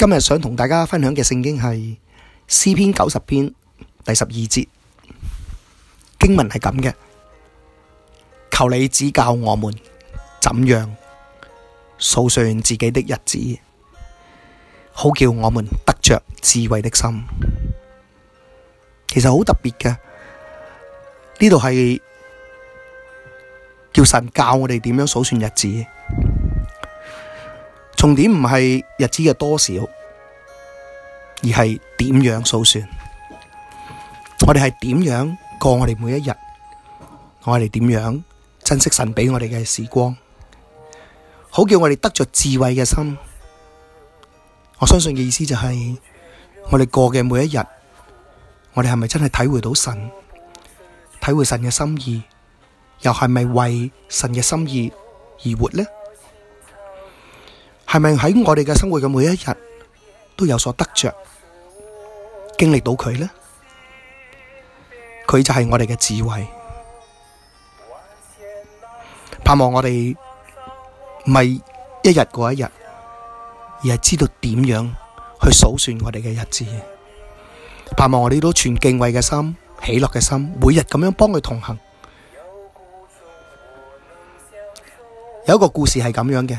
今日想同大家分享嘅聖經係詩篇九十篇第十二節經文係咁嘅，求你指教我們怎樣數算自己的日子，好叫我們得着智慧的心。其實好特別嘅，呢度係叫神教我哋點樣數算日子。重點唔係日子嘅多少，而係點樣數算。我哋係點樣過我哋每一日？我哋點樣珍惜神俾我哋嘅時光？好叫我哋得着智慧嘅心。我相信嘅意思就係，我哋過嘅每一日，我哋係咪真係體會到神？體會神嘅心意，又係咪為神嘅心意而活呢？係咪喺我哋嘅生活嘅每一日都有所得着，經歷到佢呢？佢就係我哋嘅智慧，盼望我哋唔係一日過一日，而係知道點樣去數算我哋嘅日子。盼望我哋都存敬畏嘅心、喜樂嘅心，每日咁樣幫佢同行。有一個故事係咁樣嘅。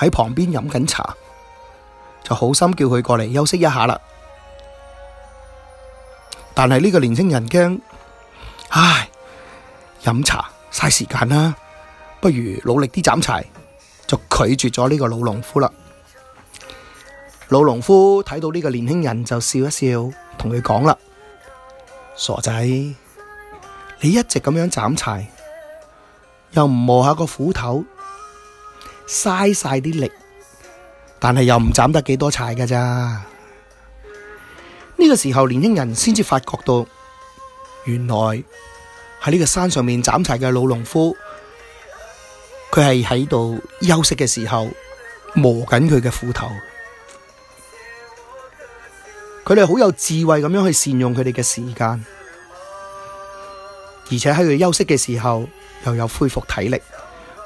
喺旁邊飲緊茶，就好心叫佢過嚟休息一下啦。但係呢個年輕人驚，唉，飲茶嘥時間啦，不如努力啲斬柴，就拒絕咗呢個老農夫啦。老農夫睇到呢個年輕人就笑一笑，同佢講啦：傻仔，你一直咁樣斬柴，又唔磨下個斧頭。嘥晒啲力，但係又唔斬得幾多柴噶咋？呢個時候，年輕人先至發覺到，原來喺呢個山上面斬柴嘅老農夫，佢係喺度休息嘅時候磨緊佢嘅斧頭。佢哋好有智慧咁樣去善用佢哋嘅時間，而且喺佢休息嘅時候又有恢復體力。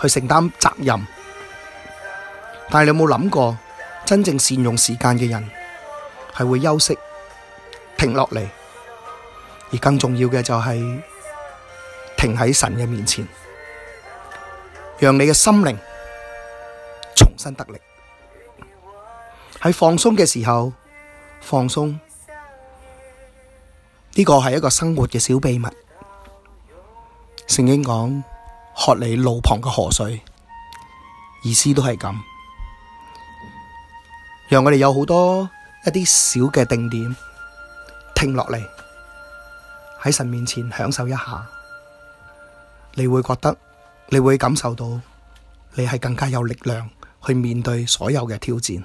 去承擔責任，但係你有冇諗過，真正善用時間嘅人係會休息、停落嚟，而更重要嘅就係停喺神嘅面前，讓你嘅心靈重新得力。喺放鬆嘅時候放鬆，呢個係一個生活嘅小秘密。聖經講。喝你路旁嘅河水，意思都係咁，讓我哋有好多一啲小嘅定點停落嚟，喺神面前享受一下，你會覺得你會感受到你係更加有力量去面對所有嘅挑戰。